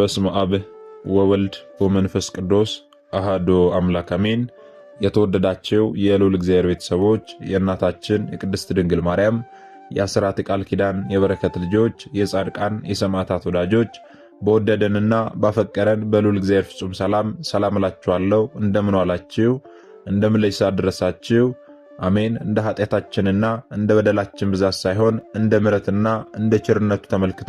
በስመ አብ ወወልድ ወመንፈስ ቅዱስ አሃዶ አምላክ አሜን። የተወደዳቸው የልዑል እግዚአብሔር ቤተሰቦች የእናታችን የቅድስት ድንግል ማርያም የአስራት ቃል ኪዳን የበረከት ልጆች የጻድቃን የሰማዕታት ወዳጆች በወደደንና ባፈቀረን በልዑል እግዚአብሔር ፍጹም ሰላም ሰላም እላችኋለሁ። እንደምን ዋላችሁ? እንደምን ለይሳ አሜን። እንደ ኃጢአታችንና እንደ በደላችን ብዛት ሳይሆን እንደ ምረትና እንደ ቸርነቱ ተመልክቶ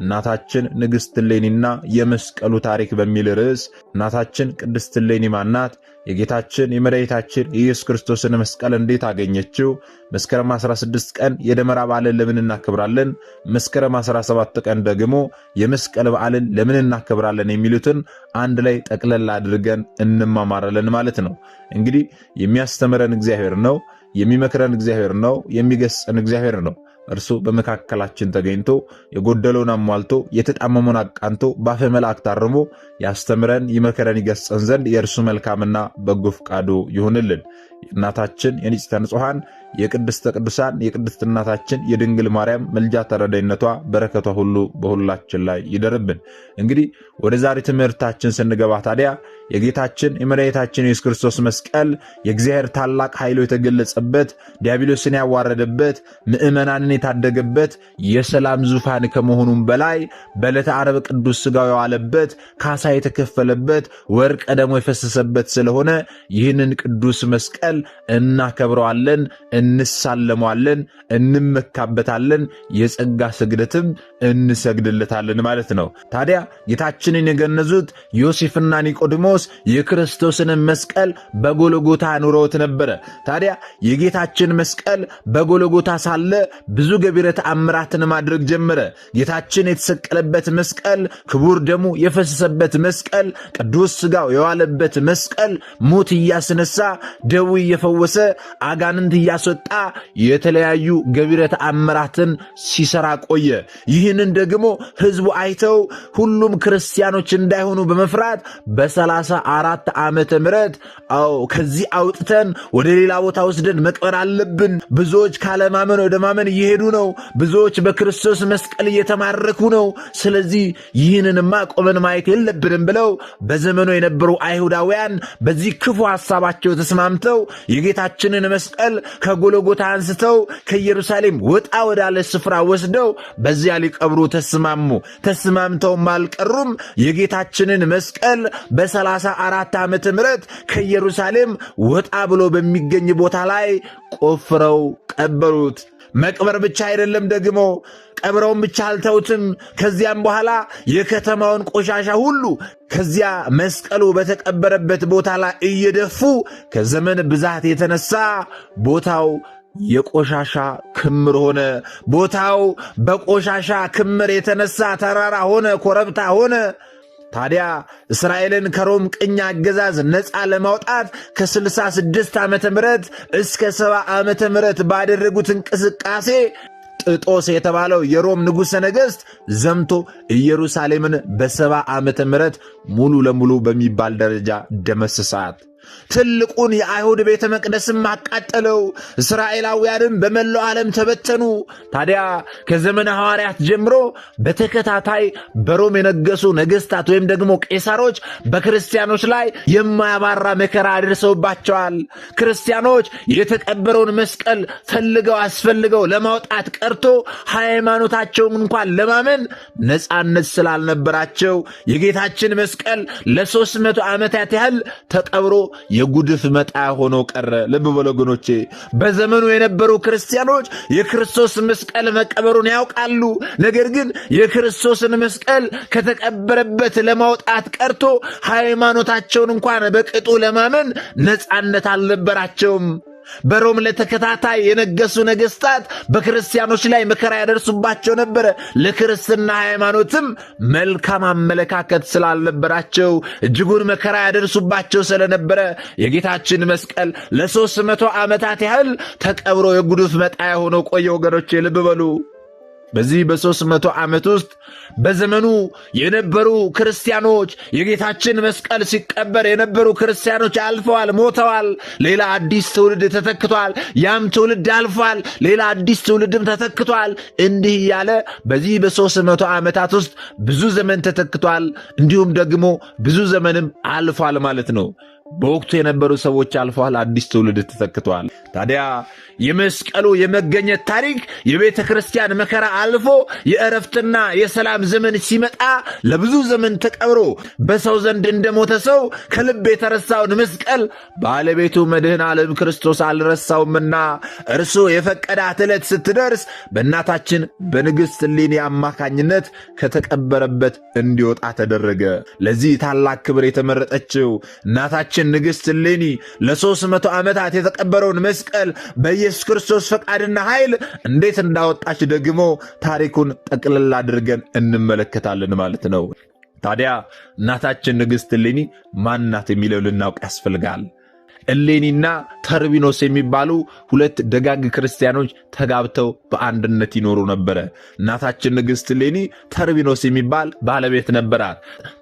እናታችን ንግሥት እሌኒና የመስቀሉ ታሪክ በሚል ርዕስ እናታችን ቅድስት እሌኒ ማናት? የጌታችን የመድኃኒታችን የኢየሱስ ክርስቶስን መስቀል እንዴት አገኘችው? መስከረም 16 ቀን የደመራ በዓልን ለምን እናከብራለን? መስከረም 17 ቀን ደግሞ የመስቀል በዓልን ለምን እናከብራለን? የሚሉትን አንድ ላይ ጠቅለል አድርገን እንማማራለን ማለት ነው። እንግዲህ የሚያስተምረን እግዚአብሔር ነው፣ የሚመክረን እግዚአብሔር ነው፣ የሚገስጸን እግዚአብሔር ነው። እርሱ በመካከላችን ተገኝቶ የጎደለውን አሟልቶ የተጣመመውን አቃንቶ በአፈ መላእክት አርሞ ያስተምረን ይመከረን ይገስጸን ዘንድ የእርሱ መልካምና በጎ ፍቃዱ ይሁንልን። የእናታችን የንጽሕተ ንጹሐን የቅድስተ ቅዱሳን የቅድስት እናታችን የድንግል ማርያም ምልጃ ተረዳይነቷ በረከቷ ሁሉ በሁላችን ላይ ይደርብን። እንግዲህ ወደ ዛሬ ትምህርታችን ስንገባ ታዲያ የጌታችን የመድኃኒታችን የኢየሱስ ክርስቶስ መስቀል የእግዚአብሔር ታላቅ ኃይሎ የተገለጸበት፣ ዲያብሎስን ያዋረደበት፣ ምእመናንን የታደገበት የሰላም ዙፋን ከመሆኑም በላይ በዕለተ ዓርብ ቅዱስ ሥጋው የዋለበት ካሳ የተከፈለበት ወርቀ ደሙ የፈሰሰበት ስለሆነ ይህንን ቅዱስ መስቀል እናከብረዋለን፣ እንሳለመዋለን፣ እንመካበታለን፣ የጸጋ ስግደትም እንሰግድለታለን ማለት ነው። ታዲያ ጌታችንን የገነዙት ዮሴፍና ኒቆዲሞስ የክርስቶስን መስቀል በጎልጎታ ኑረውት ነበረ። ታዲያ የጌታችን መስቀል በጎልጎታ ሳለ ብዙ ገቢረ ተአምራትን ማድረግ ጀመረ። ጌታችን የተሰቀለበት መስቀል ክቡር ደሙ የፈሰሰበት መስቀል ቅዱስ ስጋው የዋለበት መስቀል ሞት እያስነሳ ደዌ እየፈወሰ አጋንንት እያስወጣ የተለያዩ ገቢረ ተአምራትን ሲሰራ ቆየ። ይህንን ደግሞ ህዝቡ አይተው ሁሉም ክርስቲያኖች እንዳይሆኑ በመፍራት በሰላሳ አራት ዓመተ ምሕረት አዎ ከዚህ አውጥተን ወደ ሌላ ቦታ ወስደን መቅበር አለብን። ብዙዎች ካለማመን ወደ ማመን እየሄዱ ነው። ብዙዎች በክርስቶስ መስቀል እየተማረኩ ነው። ስለዚህ ይህንንማ ቆመን ማየት የለብን አይከብድም ብለው በዘመኑ የነበሩ አይሁዳውያን በዚህ ክፉ ሐሳባቸው ተስማምተው የጌታችንን መስቀል ከጎለጎታ አንስተው ከኢየሩሳሌም ወጣ ወዳለ ስፍራ ወስደው በዚያ ሊቀብሩ ተስማሙ። ተስማምተውም አልቀሩም። የጌታችንን መስቀል በሰላሳ አራት ዓመተ ምሕረት ከኢየሩሳሌም ወጣ ብሎ በሚገኝ ቦታ ላይ ቆፍረው ቀበሩት። መቅበር ብቻ አይደለም ደግሞ ቀብረውን ብቻ አልተውትም። ከዚያም በኋላ የከተማውን ቆሻሻ ሁሉ ከዚያ መስቀሉ በተቀበረበት ቦታ ላይ እየደፉ ከዘመን ብዛት የተነሳ ቦታው የቆሻሻ ክምር ሆነ። ቦታው በቆሻሻ ክምር የተነሳ ተራራ ሆነ፣ ኮረብታ ሆነ። ታዲያ እስራኤልን ከሮም ቅኝ አገዛዝ ነፃ ለማውጣት ከ66 ዓመተ ምሕረት እስከ 70 ዓመተ ምሕረት ባደረጉት እንቅስቃሴ ጥጦስ የተባለው የሮም ንጉሠ ነገሥት ዘምቶ ኢየሩሳሌምን በሰባ ዓመተ ምሕረት ሙሉ ለሙሉ በሚባል ደረጃ ደመስሳት። ትልቁን የአይሁድ ቤተ መቅደስም አቃጠለው። እስራኤላውያንም በመላው ዓለም ተበተኑ። ታዲያ ከዘመነ ሐዋርያት ጀምሮ በተከታታይ በሮም የነገሱ ነገሥታት ወይም ደግሞ ቄሳሮች በክርስቲያኖች ላይ የማያባራ መከራ አድርሰውባቸዋል። ክርስቲያኖች የተቀበረውን መስቀል ፈልገው አስፈልገው ለማውጣት ቀርቶ ሃይማኖታቸውን እንኳን ለማመን ነፃነት ስላልነበራቸው የጌታችን መስቀል ለሦስት መቶ ዓመታት ያህል ተቀብሮ የጉድፍ መጣ ሆኖ ቀረ። ልብ በሉ ወገኖቼ፣ በዘመኑ የነበሩ ክርስቲያኖች የክርስቶስ መስቀል መቀበሩን ያውቃሉ። ነገር ግን የክርስቶስን መስቀል ከተቀበረበት ለማውጣት ቀርቶ ሃይማኖታቸውን እንኳን በቅጡ ለማመን ነፃነት አልነበራቸውም። በሮም ለተከታታይ የነገሱ ነገሥታት በክርስቲያኖች ላይ መከራ ያደርሱባቸው ነበረ። ለክርስትና ሃይማኖትም መልካም አመለካከት ስላልነበራቸው እጅጉን መከራ ያደርሱባቸው ስለነበረ የጌታችን መስቀል ለሦስት መቶ ዓመታት ያህል ተቀብሮ የጉዱፍ መጣያ ሆኖ ቆየ። ወገኖቼ ልብ በሉ። በዚህ በሦስት መቶ ዓመት ውስጥ በዘመኑ የነበሩ ክርስቲያኖች የጌታችን መስቀል ሲቀበር የነበሩ ክርስቲያኖች አልፈዋል፣ ሞተዋል። ሌላ አዲስ ትውልድ ተተክቷል። ያም ትውልድ አልፏል፣ ሌላ አዲስ ትውልድም ተተክቷል። እንዲህ እያለ በዚህ በሦስት መቶ ዓመታት ውስጥ ብዙ ዘመን ተተክቷል፣ እንዲሁም ደግሞ ብዙ ዘመንም አልፏል ማለት ነው። በወቅቱ የነበሩ ሰዎች አልፈዋል። አዲስ ትውልድ ተተክተዋል። ታዲያ የመስቀሉ የመገኘት ታሪክ የቤተ ክርስቲያን መከራ አልፎ የእረፍትና የሰላም ዘመን ሲመጣ ለብዙ ዘመን ተቀብሮ በሰው ዘንድ እንደሞተ ሰው ከልብ የተረሳውን መስቀል ባለቤቱ መድህን ዓለም ክርስቶስ አልረሳውምና እርሱ የፈቀዳት ዕለት ስትደርስ በእናታችን በንግሥት እሌኒ አማካኝነት ከተቀበረበት እንዲወጣ ተደረገ። ለዚህ ታላቅ ክብር የተመረጠችው እናታችን እመቤታችን ንግሥት እሌኒ ለሦስት መቶ ዓመታት የተቀበረውን መስቀል በኢየሱስ ክርስቶስ ፈቃድና ኃይል እንዴት እንዳወጣች ደግሞ ታሪኩን ጠቅልል አድርገን እንመለከታለን ማለት ነው። ታዲያ እናታችን ንግሥት እሌኒ ማን ናት የሚለው ልናውቅ ያስፈልጋል። እሌኒና ተርቢኖስ የሚባሉ ሁለት ደጋግ ክርስቲያኖች ተጋብተው በአንድነት ይኖሩ ነበረ። እናታችን ንግሥት እሌኒ ተርቢኖስ የሚባል ባለቤት ነበራት።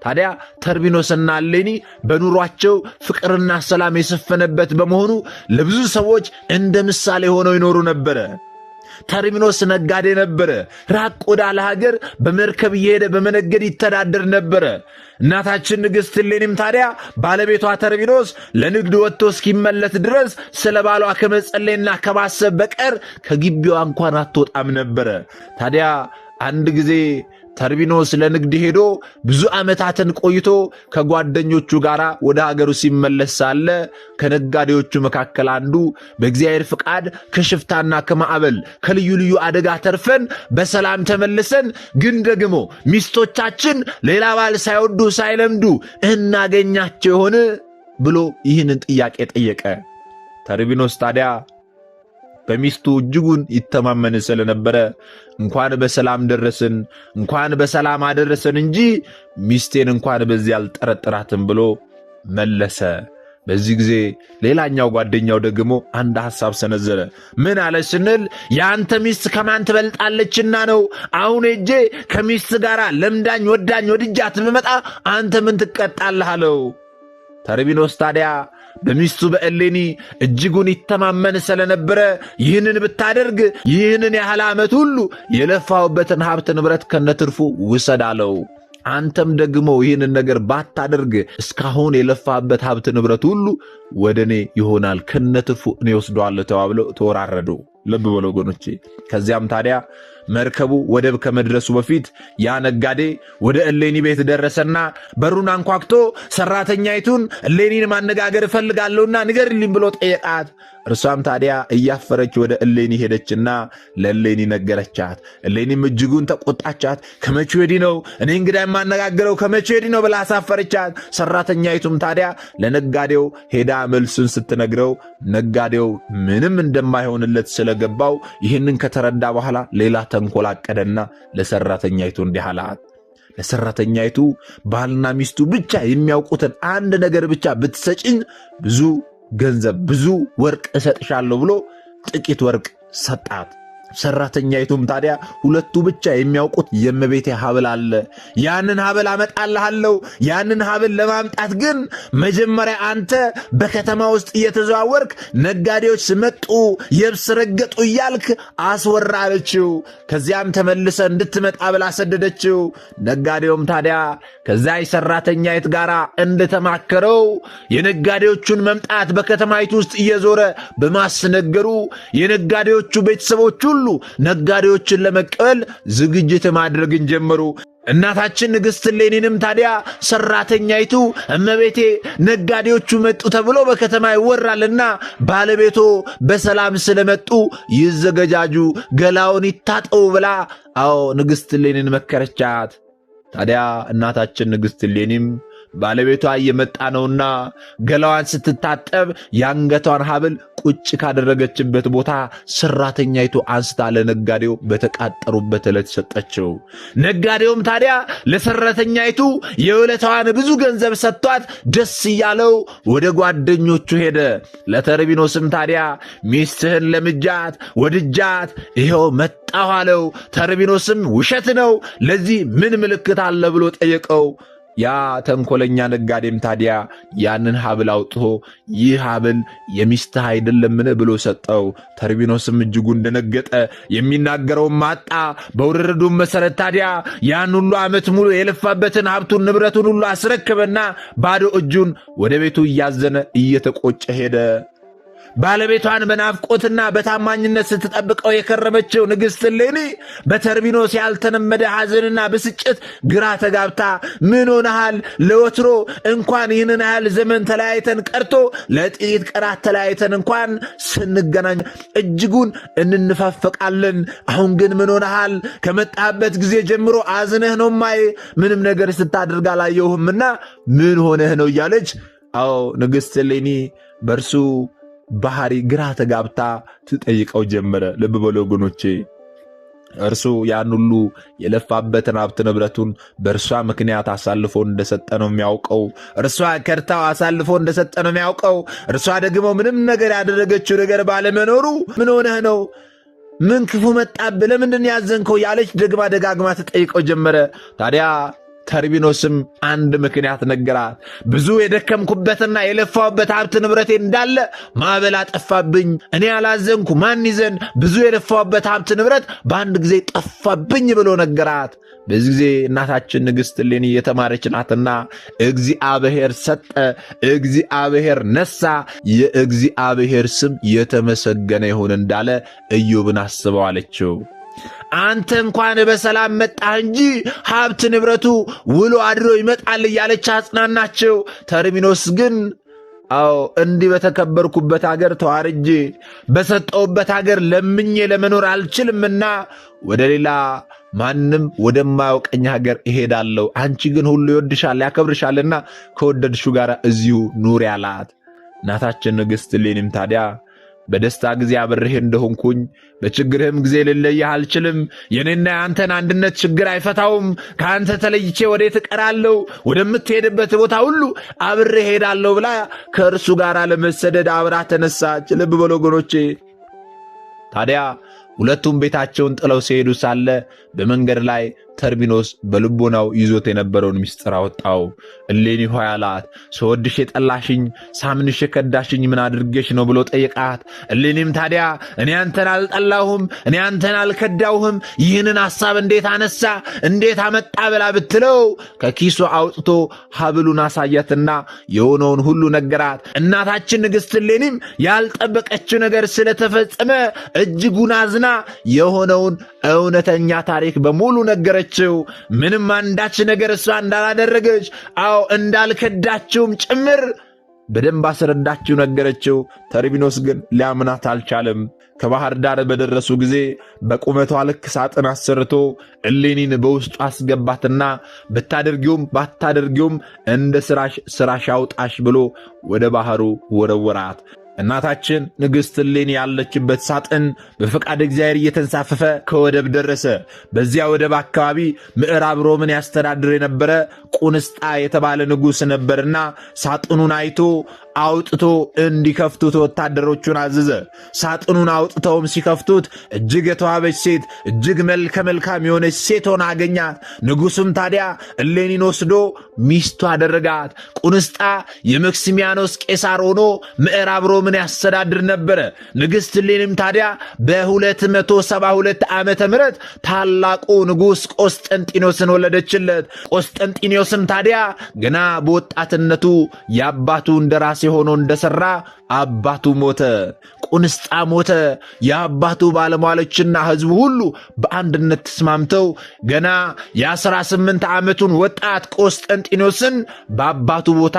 ታዲያ ተርቢኖስና እሌኒ በኑሯቸው ፍቅርና ሰላም የሰፈነበት በመሆኑ ለብዙ ሰዎች እንደ ምሳሌ ሆነው ይኖሩ ነበረ። ተርሚኖስ ነጋዴ ነበረ። ራቅ ወዳለ ሀገር በመርከብ እየሄደ በመነገድ ይተዳደር ነበረ። እናታችን ንግሥት እሌኒም ታዲያ ባለቤቷ ተርሚኖስ ለንግድ ወጥቶ እስኪመለስ ድረስ ስለ ባሏ ከመጸለይና ከማሰብ በቀር ከግቢዋ እንኳን አትወጣም ነበረ። ታዲያ አንድ ጊዜ ተርቢኖስ ለንግድ ሄዶ ብዙ ዓመታትን ቆይቶ ከጓደኞቹ ጋር ወደ ሀገሩ ሲመለስ ሳለ ከነጋዴዎቹ መካከል አንዱ በእግዚአብሔር ፍቃድ ከሽፍታና ከማዕበል ከልዩ ልዩ አደጋ ተርፈን በሰላም ተመልሰን ግን ደግሞ ሚስቶቻችን ሌላ ባል ሳይወዱ ሳይለምዱ እናገኛቸው የሆነ ብሎ ይህንን ጥያቄ ጠየቀ። ተርቢኖስ ታዲያ በሚስቱ እጅጉን ይተማመን ስለነበረ እንኳን በሰላም ደረስን እንኳን በሰላም አደረሰን እንጂ ሚስቴን እንኳን በዚህ አልጠረጠራትም ብሎ መለሰ። በዚህ ጊዜ ሌላኛው ጓደኛው ደግሞ አንድ ሐሳብ ሰነዘረ። ምን አለ ስንል የአንተ ሚስት ከማን ትበልጣለችና ነው? አሁን ሄጄ ከሚስት ጋር ለምዳኝ ወዳኝ ወድጃት ብመጣ አንተ ምን ትቀጣልህ? አለው ተርቢኖስ ታዲያ በሚስቱ በእሌኒ እጅጉን ይተማመን ስለነበረ ይህንን ብታደርግ ይህንን ያህል ዓመት ሁሉ የለፋውበትን ሀብት ንብረት ከነትርፉ ውሰድ አለው። አንተም ደግሞ ይህንን ነገር ባታደርግ እስካሁን የለፋበት ሀብት ንብረት ሁሉ ወደ እኔ ይሆናል፣ ከነትርፉ እኔ ወስደዋለሁ ተባብለው ተወራረዱ። ልብ በሉ ወገኖቼ። ከዚያም ታዲያ መርከቡ ወደብ ከመድረሱ በፊት ያ ነጋዴ ወደ እሌኒ ቤት ደረሰና በሩን አንኳክቶ ሰራተኛይቱን እሌኒን ማነጋገር እፈልጋለሁና ንገሪልኝ ብሎ ጠየቃት። እርሷም ታዲያ እያፈረች ወደ እሌኒ ሄደችና ለእሌኒ ነገረቻት። እሌኒም እጅጉን ተቆጣቻት። ከመቼ ወዲህ ነው እኔ እንግዳ የማነጋገረው? ከመቼ ወዲህ ነው ብላ አሳፈረቻት። ሰራተኛይቱም ታዲያ ለነጋዴው ሄዳ መልሱን ስትነግረው ነጋዴው ምንም እንደማይሆንለት ስለገባው ይህንን ከተረዳ በኋላ ሌላ ተንኮላቀደና ለሰራተኛይቱ እንዲህ አላት። ለሰራተኛይቱ ባልና ሚስቱ ብቻ የሚያውቁትን አንድ ነገር ብቻ ብትሰጭኝ ብዙ ገንዘብ፣ ብዙ ወርቅ እሰጥሻለሁ ብሎ ጥቂት ወርቅ ሰጣት። ሰራተኛይቱም ታዲያ ሁለቱ ብቻ የሚያውቁት የእመቤቴ ሀብል አለ፣ ያንን ሀብል አመጣልሃለሁ። ያንን ሀብል ለማምጣት ግን መጀመሪያ አንተ በከተማ ውስጥ እየተዘዋወርክ ነጋዴዎች ስመጡ የብስ ረገጡ እያልክ አስወራ አለችው። ከዚያም ተመልሰ እንድትመጣ ብላ ሰደደችው። ነጋዴውም ታዲያ ከዚያ ሰራተኛይት ጋር እንደተማከረው የነጋዴዎቹን መምጣት በከተማይቱ ውስጥ እየዞረ በማስነገሩ የነጋዴዎቹ ቤተሰቦች ሁሉ ነጋዴዎችን ለመቀበል ዝግጅት ማድረግን ጀመሩ። እናታችን ንግሥት ሌኒንም ታዲያ ሠራተኛይቱ እመቤቴ ነጋዴዎቹ መጡ ተብሎ በከተማ ይወራልና ባለቤቶ በሰላም ስለመጡ ይዘገጃጁ፣ ገላውን ይታጠቡ ብላ አዎ ንግሥት ሌኒን መከረቻት። ታዲያ እናታችን ንግሥት ሌኒም ባለቤቷ እየመጣ ነውና ገላዋን ስትታጠብ የአንገቷን ሀብል ቁጭ ካደረገችበት ቦታ ሰራተኛይቱ አንስታ ለነጋዴው በተቃጠሩበት ዕለት ሰጠችው። ነጋዴውም ታዲያ ለሰራተኛይቱ የዕለቷን ብዙ ገንዘብ ሰጥቷት ደስ እያለው ወደ ጓደኞቹ ሄደ። ለተርቢኖስም ታዲያ ሚስትህን ለምጃት ወድጃት ይኸው መጣሁ አለው። ተርቢኖስም ውሸት ነው፣ ለዚህ ምን ምልክት አለ ብሎ ጠየቀው። ያ ተንኮለኛ ነጋዴም ታዲያ ያንን ሀብል አውጥቶ ይህ ሀብል የሚስትህ አይደለምን ብሎ ሰጠው። ተርቢኖስም እጅጉን ደነገጠ፣ የሚናገረውም ማጣ በውርርዱም መሰረት ታዲያ ያን ሁሉ ዓመት ሙሉ የለፋበትን ሀብቱን ንብረቱን ሁሉ አስረክበና ባዶ እጁን ወደ ቤቱ እያዘነ እየተቆጨ ሄደ። ባለቤቷን በናፍቆትና በታማኝነት ስትጠብቀው የከረመችው ንግሥት እሌኒ በተርሚኖስ ያልተለመደ ሐዘንና ብስጭት ግራ ተጋብታ ምን ሆነሃል? ለወትሮ እንኳን ይህንን ያህል ዘመን ተለያይተን ቀርቶ ለጥቂት ቀናት ተለያይተን እንኳን ስንገናኝ እጅጉን እንንፋፈቃለን። አሁን ግን ምን ሆነሃል? ከመጣህበት ጊዜ ጀምሮ አዝነህ ነው ማይ ምንም ነገር ስታደርግ አላየሁህምና ምን ሆነህ ነው? እያለች አዎ ንግሥት እሌኒ በእርሱ ባህሪ ግራ ተጋብታ ትጠይቀው ጀመረ። ልብ በሉ ወገኖቼ፣ እርሱ ያን ሁሉ የለፋበትን ሀብት ንብረቱን በእርሷ ምክንያት አሳልፎ እንደሰጠ ነው የሚያውቀው። እርሷ ከድታው አሳልፎ እንደሰጠ ነው የሚያውቀው። እርሷ ደግሞ ምንም ነገር ያደረገችው ነገር ባለመኖሩ ምን ሆነህ ነው ምን ክፉ መጣብህ? ለምንድን ያዘንከው? ያለች ደግማ ደጋግማ ትጠይቀው ጀመረ። ታዲያ ተርቢኖስም አንድ ምክንያት ነገራት። ብዙ የደከምኩበትና የለፋሁበት ሀብት ንብረቴ እንዳለ ማዕበል አጠፋብኝ፣ እኔ ያላዘንኩ ማን ይዘን? ብዙ የለፋሁበት ሀብት ንብረት በአንድ ጊዜ ጠፋብኝ ብሎ ነገራት። በዚህ ጊዜ እናታችን ንግሥት እሌኒ የተማረች ናትና እግዚአብሔር ሰጠ፣ እግዚአብሔር ነሳ፣ የእግዚአብሔር ስም የተመሰገነ ይሁን እንዳለ ኢዮብን አስበዋለችው። አንተ እንኳን በሰላም መጣህ እንጂ ሀብት ንብረቱ ውሎ አድሮ ይመጣል እያለች አጽናናቸው። ተርሚኖስ ግን አዎ እንዲህ በተከበርኩበት አገር ተዋርጄ በሰጠውበት አገር ለምኜ ለመኖር አልችልምና ወደ ሌላ ማንም ወደማያውቀኝ ሀገር እሄዳለሁ። አንቺ ግን ሁሉ ይወድሻል ያከብርሻልና ከወደድሹ ጋር እዚሁ ኑሪ አላት። እናታችን ንግሥት እሌኒም ታዲያ በደስታ ጊዜ አብሬህ እንደሆንኩኝ በችግርህም ጊዜ ልለየህ አልችልም። የኔና የአንተን አንድነት ችግር አይፈታውም። ከአንተ ተለይቼ ወዴት እቀራለሁ? ወደምትሄድበት ቦታ ሁሉ አብር ሄዳለሁ ብላ ከእርሱ ጋር ለመሰደድ አብራ ተነሳች። ልብ በሉ ወገኖቼ። ታዲያ ሁለቱም ቤታቸውን ጥለው ሲሄዱ ሳለ በመንገድ ላይ ተርሚኖስ በልቦናው ይዞት የነበረውን ሚስጥር አወጣው። እሌኒ ሆይ አላት። ሰወድሽ የጠላሽኝ ሳምንሽ የከዳሽኝ ምን አድርጌሽ ነው ብሎ ጠየቃት። እሌኒም ታዲያ እኔ አንተን አልጠላሁም፣ እኔ አንተን አልከዳሁም፣ ይህንን ሐሳብ እንዴት አነሳ እንዴት አመጣ ብላ ብትለው ከኪሱ አውጥቶ ሀብሉን አሳያትና የሆነውን ሁሉ ነገራት። እናታችን ንግሥት እሌኒም ያልጠበቀችው ነገር ስለተፈጸመ እጅጉን አዝና የሆነውን እውነተኛ ታሪክ በሙሉ ነገረችው። ምንም አንዳች ነገር እሷ እንዳላደረገች፣ አዎ እንዳልከዳችውም ጭምር በደንብ አስረዳችው ነገረችው። ተርቢኖስ ግን ሊያምናት አልቻለም። ከባህር ዳር በደረሱ ጊዜ በቁመቷ ልክ ሳጥን አሰርቶ እሌኒን በውስጡ አስገባትና ብታደርጊውም ባታደርጊውም እንደ ስራሽ ስራሽ አውጣሽ ብሎ ወደ ባህሩ ወረወራት። እናታችን ንግሥት እሌኒ ያለችበት ሳጥን በፈቃድ እግዚአብሔር እየተንሳፈፈ ከወደብ ደረሰ። በዚያ ወደብ አካባቢ ምዕራብ ሮምን ያስተዳድር የነበረ ቁንስጣ የተባለ ንጉሥ ነበርና ሳጥኑን አይቶ አውጥቶ እንዲከፍቱት ወታደሮቹን አዘዘ። ሳጥኑን አውጥተውም ሲከፍቱት እጅግ የተዋበች ሴት እጅግ መልከ መልካም የሆነች ሴት ሆና አገኛት። ንጉሱም ታዲያ እሌኒን ወስዶ ሚስቱ አደረጋት። ቁንስጣ የመክሲሚያኖስ ቄሳር ሆኖ ምዕራብ ሮምን ያስተዳድር ነበረ። ንግሥት እሌኒም ታዲያ በ272 ዓመተ ምሕረት ታላቁ ንጉሥ ቆስጠንጢኖስን ወለደችለት። ቆስጠንጢኖስም ታዲያ ገና በወጣትነቱ የአባቱ እንደራሴ ሆኖ እንደሠራ አባቱ ሞተ፣ ቁንስጣ ሞተ። የአባቱ ባለሟሎችና ሕዝቡ ሁሉ በአንድነት ተስማምተው ገና የአስራ ስምንት ዓመቱን ወጣት ቆስጠንጢኖስን በአባቱ ቦታ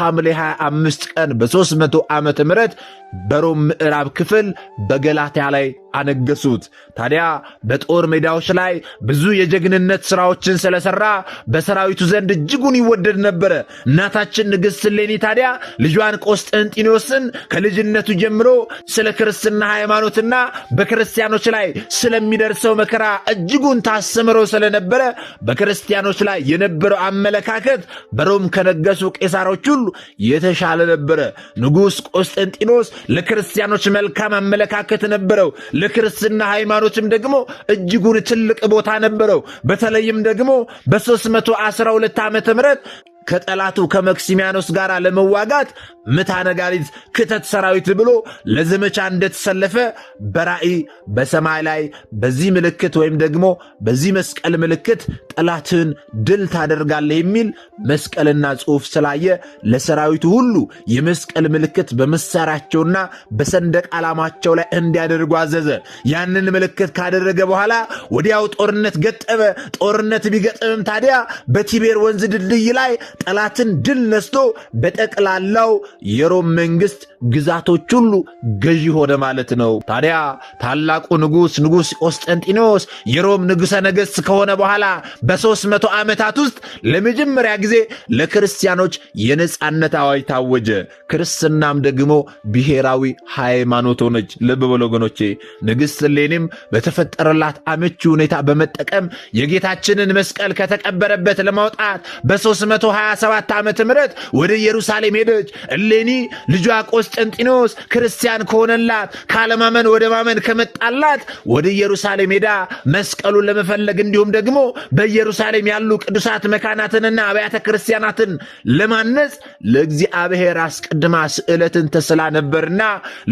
ሐምሌ 25 ቀን በ300 ዓመተ ምሕረት በሮም ምዕራብ ክፍል በገላትያ ላይ አነገሱት። ታዲያ በጦር ሜዳዎች ላይ ብዙ የጀግንነት ስራዎችን ስለሰራ በሰራዊቱ ዘንድ እጅጉን ይወደድ ነበረ። እናታችን ንግሥት እሌኒ ታዲያ ልጇን ቆስጠንጢኖስን ከልጅነቱ ጀምሮ ስለ ክርስትና ሃይማኖትና በክርስቲያኖች ላይ ስለሚደርሰው መከራ እጅጉን ታስምሮ ስለነበረ በክርስቲያኖች ላይ የነበረው አመለካከት በሮም ከነገሱ ቄሳሮች ሁሉ የተሻለ ነበረ። ንጉሥ ቆስጠንጢኖስ ለክርስቲያኖች መልካም አመለካከት ነበረው። ለክርስትና ሃይማኖትም ደግሞ እጅጉን ትልቅ ቦታ ነበረው። በተለይም ደግሞ በ312 ዓመተ ምህረት ከጠላቱ ከመክሲሚያኖስ ጋር ለመዋጋት ምታ ነጋሪት ክተት ሰራዊት ብሎ ለዘመቻ እንደተሰለፈ በራእይ በሰማይ ላይ በዚህ ምልክት ወይም ደግሞ በዚህ መስቀል ምልክት ጠላትን ድል ታደርጋለህ የሚል መስቀልና ጽሑፍ ስላየ ለሰራዊቱ ሁሉ የመስቀል ምልክት በመሳሪያቸውና በሰንደቅ ዓላማቸው ላይ እንዲያደርጉ አዘዘ። ያንን ምልክት ካደረገ በኋላ ወዲያው ጦርነት ገጠመ። ጦርነት ቢገጥምም ታዲያ በቲቤር ወንዝ ድልድይ ላይ ጠላትን ድል ነስቶ በጠቅላላው የሮም መንግስት ግዛቶች ሁሉ ገዢ ሆነ ማለት ነው። ታዲያ ታላቁ ንጉሥ ንጉሥ ቆስጠንጢኖስ የሮም ንጉሠ ነገሥት ከሆነ በኋላ በሦስት መቶ ዓመታት ውስጥ ለመጀመሪያ ጊዜ ለክርስቲያኖች የነፃነት አዋጅ ታወጀ። ክርስትናም ደግሞ ብሔራዊ ሃይማኖት ሆነች። ልብ በሉ ወገኖቼ። ንግሥት ሌኒም በተፈጠረላት አመቺ ሁኔታ በመጠቀም የጌታችንን መስቀል ከተቀበረበት ለማውጣት በ327 ዓ ም ወደ ኢየሩሳሌም ሄደች። እሌኒ ልጇ ቆስ ቆስጠንጢኖስ ክርስቲያን ከሆነላት ካለማመን ወደ ማመን ከመጣላት ወደ ኢየሩሳሌም ሄዳ መስቀሉን ለመፈለግ እንዲሁም ደግሞ በኢየሩሳሌም ያሉ ቅዱሳት መካናትንና አብያተ ክርስቲያናትን ለማነጽ ለእግዚአብሔር አስቀድማ ስዕለትን ተስላ ነበርና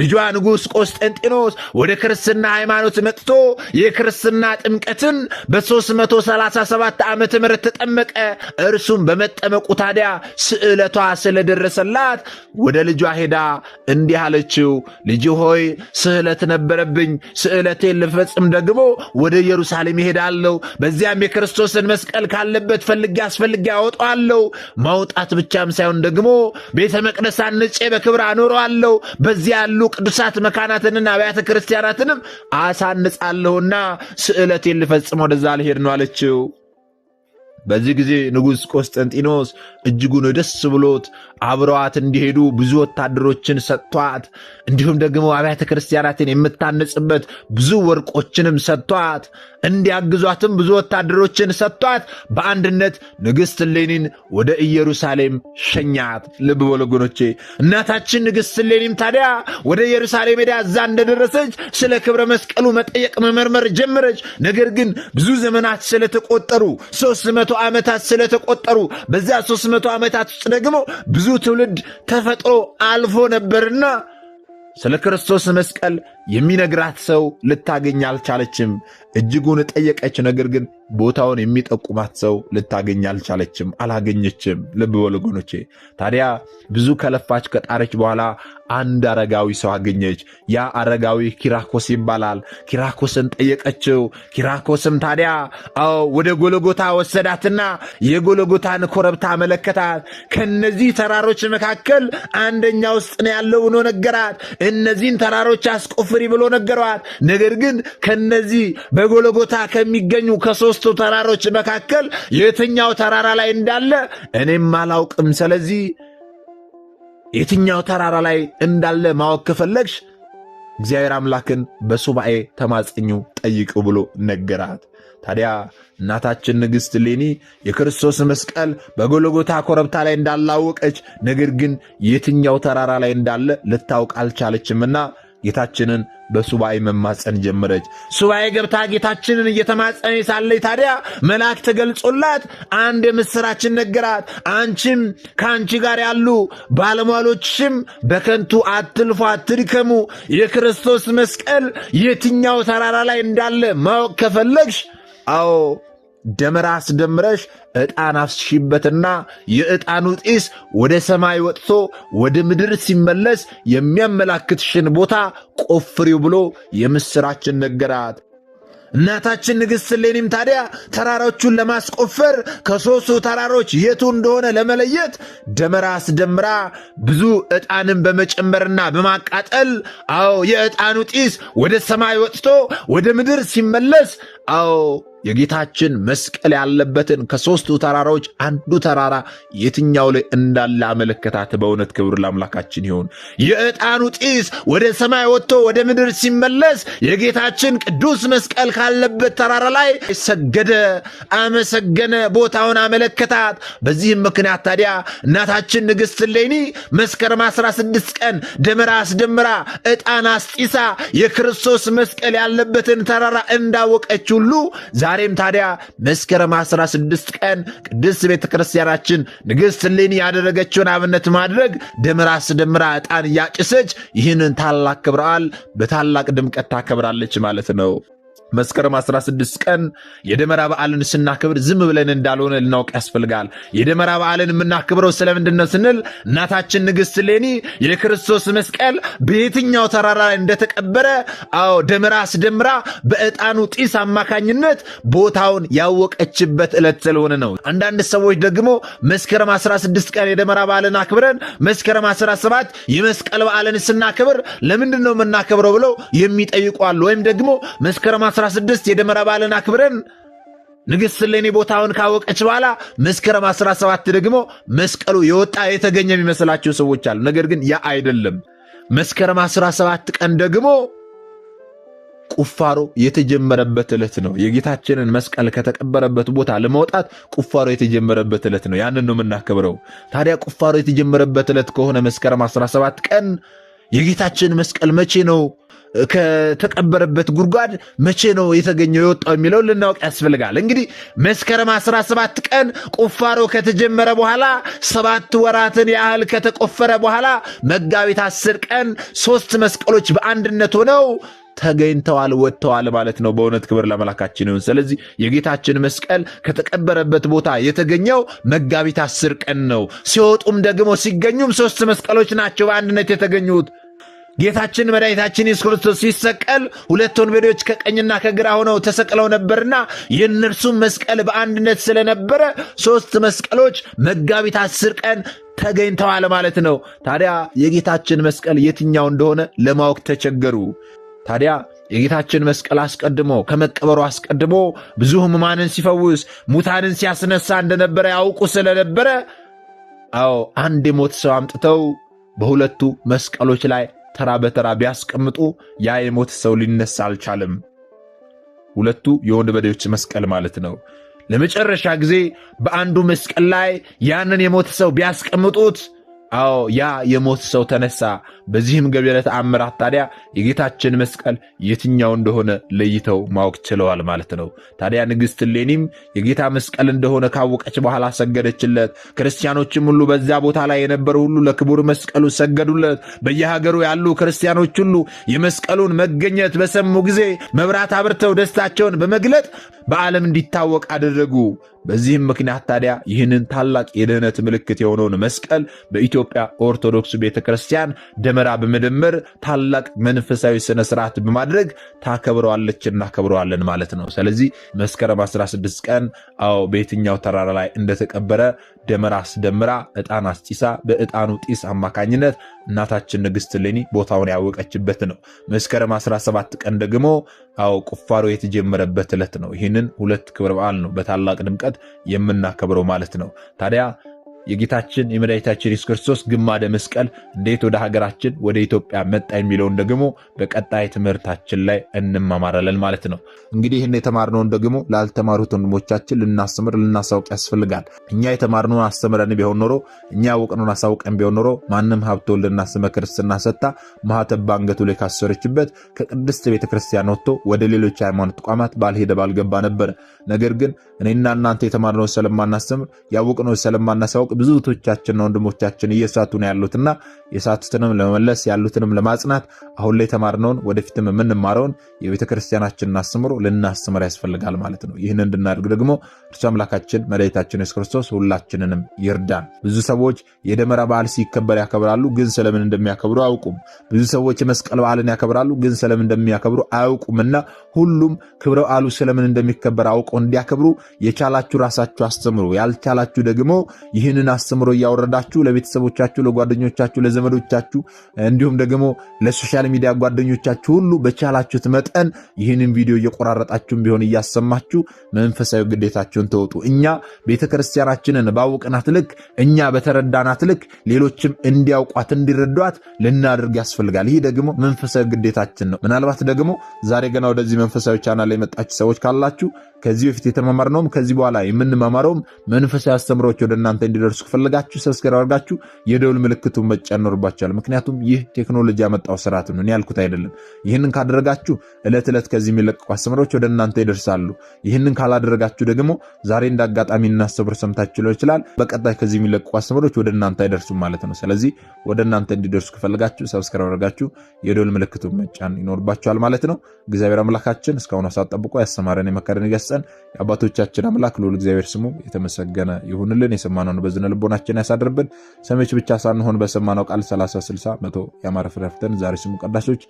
ልጇ ንጉሥ ቆስጠንጢኖስ ወደ ክርስትና ሃይማኖት መጥቶ የክርስትና ጥምቀትን በ337 ዓመተ ምህረት ተጠመቀ። እርሱም በመጠመቁ ታዲያ ስዕለቷ ስለደረሰላት ወደ ልጇ ሄዳ እንዲህ አለችው፣ ልጅ ሆይ ስዕለት ነበረብኝ፣ ስዕለቴን ልፈጽም ደግሞ ወደ ኢየሩሳሌም ይሄዳለሁ። በዚያም የክርስቶስን መስቀል ካለበት ፈልጌ አስፈልጌ አወጣዋለሁ። ማውጣት ብቻም ሳይሆን ደግሞ ቤተ መቅደስ አንጬ በክብር አኖረዋለሁ። በዚያ ያሉ ቅዱሳት መካናትንና አብያተ ክርስቲያናትንም አሳንጻለሁና ስዕለቴን ልፈጽም ወደዛ ልሄድ ነው አለችው። በዚህ ጊዜ ንጉሥ ቆስጠንጢኖስ እጅጉን ደስ ብሎት አብረዋት እንዲሄዱ ብዙ ወታደሮችን ሰጥቷት፣ እንዲሁም ደግሞ አብያተ ክርስቲያናትን የምታነጽበት ብዙ ወርቆችንም ሰጥቷት፣ እንዲያግዟትም ብዙ ወታደሮችን ሰጥቷት፣ በአንድነት ንግሥት እሌኒን ወደ ኢየሩሳሌም ሸኛት። ልብ በሉ ወገኖቼ፣ እናታችን ንግሥት እሌኒም ታዲያ ወደ ኢየሩሳሌም ሄዳ እዛ እንደደረሰች ስለ ክብረ መስቀሉ መጠየቅ መመርመር ጀመረች። ነገር ግን ብዙ ዘመናት ስለተቆጠሩ ሦስት መቶ ዓመታት ስለተቆጠሩ በዚያ 300 ዓመታት ውስጥ ደግሞ ብዙ ትውልድ ተፈጥሮ አልፎ ነበርና ስለ ክርስቶስ መስቀል የሚነግራት ሰው ልታገኝ አልቻለችም። እጅጉን ጠየቀች፣ ነገር ግን ቦታውን የሚጠቁማት ሰው ልታገኝ አልቻለችም፣ አላገኘችም። ልብ በሉ ወገኖቼ። ታዲያ ብዙ ከለፋች ከጣረች በኋላ አንድ አረጋዊ ሰው አገኘች። ያ አረጋዊ ኪራኮስ ይባላል። ኪራኮስን ጠየቀችው። ኪራኮስም ታዲያ አዎ ወደ ጎለጎታ ወሰዳትና የጎለጎታን ኮረብታ መለከታት። ከነዚህ ተራሮች መካከል አንደኛ ውስጥ ነው ያለው ብሎ ነገራት። እነዚህን ተራሮች አስቆፍ ፍሪ ብሎ ነገረዋት። ነገር ግን ከነዚህ በጎለጎታ ከሚገኙ ከሶስቱ ተራሮች መካከል የትኛው ተራራ ላይ እንዳለ እኔም አላውቅም። ስለዚህ የትኛው ተራራ ላይ እንዳለ ማወቅ ከፈለግሽ እግዚአብሔር አምላክን በሱባኤ ተማጽኙ፣ ጠይቁ ብሎ ነገራት። ታዲያ እናታችን ንግሥት ሌኒ የክርስቶስ መስቀል በጎልጎታ ኮረብታ ላይ እንዳላወቀች ነገር ግን የትኛው ተራራ ላይ እንዳለ ልታውቅ አልቻለችምና ጌታችንን በሱባኤ መማፀን ጀመረች። ሱባኤ ገብታ ጌታችንን እየተማፀነች ሳለች ታዲያ መልአክ ተገልጾላት አንድ የምስራችን ነገራት። አንቺም ከአንቺ ጋር ያሉ ባለሟሎችሽም በከንቱ አትልፎ አትድከሙ። የክርስቶስ መስቀል የትኛው ተራራ ላይ እንዳለ ማወቅ ከፈለግሽ አዎ ደመራ አስደምረሽ ዕጣን አስሺበትና የዕጣኑ ጢስ ወደ ሰማይ ወጥቶ ወደ ምድር ሲመለስ የሚያመላክትሽን ቦታ ቆፍሪው ብሎ የምሥራችን ነገራት። እናታችን ንግሥት ሌኒም ታዲያ ተራሮቹን ለማስቆፈር ከሦስቱ ተራሮች የቱ እንደሆነ ለመለየት ደመራ አስደምራ ብዙ ዕጣንን በመጨመርና በማቃጠል አዎ የዕጣኑ ጢስ ወደ ሰማይ ወጥቶ ወደ ምድር ሲመለስ አዎ የጌታችን መስቀል ያለበትን ከሦስቱ ተራራዎች አንዱ ተራራ የትኛው ላይ እንዳለ አመለከታት። በእውነት ክብር ለአምላካችን ይሁን። የዕጣኑ ጢስ ወደ ሰማይ ወጥቶ ወደ ምድር ሲመለስ የጌታችን ቅዱስ መስቀል ካለበት ተራራ ላይ ሰገደ፣ አመሰገነ፣ ቦታውን አመለከታት። በዚህም ምክንያት ታዲያ እናታችን ንግሥት እሌኒ መስከረም 16 ቀን ደመራ አስደምራ ዕጣን አስጢሳ የክርስቶስ መስቀል ያለበትን ተራራ እንዳወቀች ሁሉ ዛሬም ታዲያ መስከረም 16 ቀን ቅድስት ቤተ ክርስቲያናችን ንግሥት እሌኒ ያደረገችውን አብነት ማድረግ ደምራ አስደምራ ዕጣን እያጭሰች ይህንን ታላቅ ክብረ በዓል በታላቅ ድምቀት ታከብራለች ማለት ነው። መስከረም 16 ቀን የደመራ በዓልን ስናክብር ዝም ብለን እንዳልሆነ ልናውቅ ያስፈልጋል። የደመራ በዓልን የምናክብረው ስለምንድን ነው ስንል እናታችን ንግሥት ሌኒ የክርስቶስ መስቀል በየትኛው ተራራ እንደተቀበረ አዎ ደመራ አስደምራ በዕጣኑ ጢስ አማካኝነት ቦታውን ያወቀችበት ዕለት ስለሆነ ነው። አንዳንድ ሰዎች ደግሞ መስከረም 16 ቀን የደመራ በዓልን አክብረን መስከረም 17 የመስቀል በዓልን ስናክብር ለምንድን ነው የምናክብረው ብለው የሚጠይቋሉ። ወይም ደግሞ መስከረም 16 የደመራ በዓልን አክብረን ንግሥት እሌኒ ቦታውን ካወቀች በኋላ መስከረም 17 ደግሞ መስቀሉ የወጣ የተገኘ የሚመስላቸው ሰዎች አሉ። ነገር ግን ያ አይደለም። መስከረም 17 ቀን ደግሞ ቁፋሮ የተጀመረበት ዕለት ነው። የጌታችንን መስቀል ከተቀበረበት ቦታ ለመውጣት ቁፋሮ የተጀመረበት ዕለት ነው። ያንን ነው የምናከብረው። ታዲያ ቁፋሮ የተጀመረበት ዕለት ከሆነ መስከረም 17 ቀን የጌታችን መስቀል መቼ ነው ከተቀበረበት ጉድጓድ መቼ ነው የተገኘው የወጣው የሚለው ልናውቅ ያስፈልጋል። እንግዲህ መስከረም 17 ቀን ቁፋሮ ከተጀመረ በኋላ ሰባት ወራትን ያህል ከተቆፈረ በኋላ መጋቢት 10 ቀን ሶስት መስቀሎች በአንድነት ሆነው ተገኝተዋል፣ ወጥተዋል ማለት ነው። በእውነት ክብር ለመላካችን ይሁን። ስለዚህ የጌታችን መስቀል ከተቀበረበት ቦታ የተገኘው መጋቢት አስር ቀን ነው። ሲወጡም ደግሞ ሲገኙም ሶስት መስቀሎች ናቸው በአንድነት የተገኙት። ጌታችን መድኃኒታችን ኢየሱስ ክርስቶስ ሲሰቀል ሁለት ወንበዴዎች ከቀኝና ከግራ ሆነው ተሰቅለው ነበርና የእነርሱም መስቀል በአንድነት ስለነበረ ሶስት መስቀሎች መጋቢት አስር ቀን ተገኝተዋል ማለት ነው። ታዲያ የጌታችን መስቀል የትኛው እንደሆነ ለማወቅ ተቸገሩ። ታዲያ የጌታችን መስቀል አስቀድሞ ከመቀበሩ አስቀድሞ ብዙ ሕሙማንን ሲፈውስ ሙታንን ሲያስነሳ እንደነበረ ያውቁ ስለነበረ አዎ አንድ የሞት ሰው አምጥተው በሁለቱ መስቀሎች ላይ ተራ በተራ ቢያስቀምጡ ያ የሞተ ሰው ሊነሳ አልቻለም። ሁለቱ የወንበዴዎች መስቀል ማለት ነው። ለመጨረሻ ጊዜ በአንዱ መስቀል ላይ ያንን የሞተ ሰው ቢያስቀምጡት፣ አዎ ያ የሞተ ሰው ተነሳ። በዚህም ገቢረ ተአምራት ታዲያ የጌታችን መስቀል የትኛው እንደሆነ ለይተው ማወቅ ችለዋል ማለት ነው። ታዲያ ንግሥት ሌኒም የጌታ መስቀል እንደሆነ ካወቀች በኋላ ሰገደችለት። ክርስቲያኖችም ሁሉ በዚያ ቦታ ላይ የነበሩ ሁሉ ለክቡር መስቀሉ ሰገዱለት። በየሀገሩ ያሉ ክርስቲያኖች ሁሉ የመስቀሉን መገኘት በሰሙ ጊዜ መብራት አብርተው ደስታቸውን በመግለጥ በዓለም እንዲታወቅ አደረጉ። በዚህም ምክንያት ታዲያ ይህንን ታላቅ የድኅነት ምልክት የሆነውን መስቀል በኢትዮጵያ ኦርቶዶክስ ቤተ ክርስቲያን ደመ ደመራ በመደመር ታላቅ መንፈሳዊ ስነ ስርዓት በማድረግ ታከብረዋለች እናከብረዋለን ማለት ነው። ስለዚህ መስከረም 16 ቀን አዎ በየትኛው ተራራ ላይ እንደተቀበረ ደመራ አስደምራ እጣን አስጢሳ በእጣኑ ጢስ አማካኝነት እናታችን ንግሥት እሌኒ ቦታውን ያወቀችበት ነው። መስከረም 17 ቀን ደግሞ አዎ ቁፋሮ የተጀመረበት ዕለት ነው። ይህንን ሁለት ክብረ በዓል ነው በታላቅ ድምቀት የምናከብረው ማለት ነው ታዲያ የጌታችን የመድኃኒታችን ኢየሱስ ክርስቶስ ግማደ መስቀል እንዴት ወደ ሀገራችን ወደ ኢትዮጵያ መጣ የሚለውን ደግሞ በቀጣይ ትምህርታችን ላይ እንማማራለን ማለት ነው። እንግዲህ ይህን የተማርነውን ደግሞ ላልተማሩት ወንድሞቻችን ልናስተምር ልናሳውቅ ያስፈልጋል። እኛ የተማርነውን አስተምረን ቢሆን ኖሮ እኛ ያወቅነውን አሳውቀን ቢሆን ኖሮ ማንም ሀብተ ወልድና ስመ ክርስትና ሰጥታ ማኅተብ በአንገቱ ላይ ካሰረችበት ከቅድስት ቤተክርስቲያን ወጥቶ ወደ ሌሎች ሃይማኖት ተቋማት ባልሄደ ባልገባ ነበር። ነገር ግን እኔና እናንተ የተማርነውን ስለማናስተምር ያወቅነውን ስለማናሳውቅ ብዙ እህቶቻችንና ወንድሞቻችን እየሳቱ ነው ያሉትና የሳቱትንም ለመመለስ ያሉትንም ለማጽናት አሁን ላይ የተማርነውን ወደፊትም የምንማረውን የቤተ ክርስቲያናችንን አስተምሮ ልናስተምር ያስፈልጋል ማለት ነው። ይህን እንድናደርግ ደግሞ እርሱ አምላካችን መድኃኒታችን የሱስ ክርስቶስ ሁላችንንም ይርዳን። ብዙ ሰዎች የደመራ በዓል ሲከበር ያከብራሉ፣ ግን ስለምን እንደሚያከብሩ አያውቁም። ብዙ ሰዎች የመስቀል በዓልን ያከብራሉ፣ ግን ስለምን እንደሚያከብሩ አያውቁምና ሁሉም ክብረ በዓሉ ስለምን እንደሚከበር አውቀው እንዲያከብሩ የቻላችሁ ራሳችሁ አስተምሩ፣ ያልቻላችሁ ደግሞ ይህን ይህንን አስተምሮ እያወረዳችሁ ለቤተሰቦቻችሁ፣ ለጓደኞቻችሁ፣ ለዘመዶቻችሁ እንዲሁም ደግሞ ለሶሻል ሚዲያ ጓደኞቻችሁ ሁሉ በቻላችሁት መጠን ይህንን ቪዲዮ እየቆራረጣችሁም ቢሆን እያሰማችሁ መንፈሳዊ ግዴታችሁን ተወጡ። እኛ ቤተክርስቲያናችንን ባወቅናት ልክ፣ እኛ በተረዳናት ልክ ሌሎችም እንዲያውቋት እንዲረዷት ልናደርግ ያስፈልጋል። ይህ ደግሞ መንፈሳዊ ግዴታችን ነው። ምናልባት ደግሞ ዛሬ ገና ወደዚህ መንፈሳዊ ቻናል የመጣችሁ ሰዎች ካላችሁ ከዚህ በፊት የተመማርነውም ከዚህ በኋላ የምንመማረውም መንፈሳዊ አስተምሮች ወደ እናንተ እንዲደርሱ ከፈለጋችሁ ሰብስክራይብ አድርጋችሁ የደውል ምልክቱን መጫን ይኖርባችኋል። ምክንያቱም ይህ ቴክኖሎጂ ያመጣው ስርዓት ነው፣ እኔ ያልኩት አይደለም። ይህንን ካደረጋችሁ እለት ዕለት ከዚህ የሚለቀቁ አስተምሮች ወደ እናንተ ይደርሳሉ። ይህንን ካላደረጋችሁ ደግሞ ዛሬ እንደ አጋጣሚ እናስተምር ሰምታችሁ ሊሆን ይችላል፣ በቀጣይ ከዚህ የሚለቀቁ አስተምሮች ወደ እናንተ አይደርሱም ማለት ነው። ስለዚህ ወደ እናንተ እንዲደርሱ ከፈለጋችሁ ሰብስክራይብ አድርጋችሁ የደውል ምልክቱን መጫን ይኖርባችኋል ማለት ነው። እግዚአብሔር አምላካችን እስካሁን ሰዓት ጠብቆ ያስተማረን የመከረን ገሰጸን። የአባቶቻችን አምላክ ልዑል እግዚአብሔር ስሙ የተመሰገነ ይሁንልን። የሰማነውን በዝነ ልቦናችን ያሳድርብን። ሰሚዎች ብቻ ሳንሆን በሰማነው ቃል 30 60 መቶ ያማረ ፍሬ አፍርተን ዛሬ ስሙ ቀዳሾች፣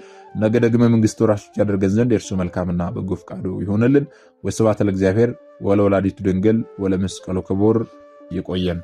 ነገ ደግሞ መንግስቱ ወራሾች ያደርገን ዘንድ የእርሱ መልካምና በጎ ፈቃዱ ይሁንልን። ወስብሐት ለእግዚአብሔር ወለወላዲቱ ድንግል ወለመስቀሉ ክቡር ይቆየን።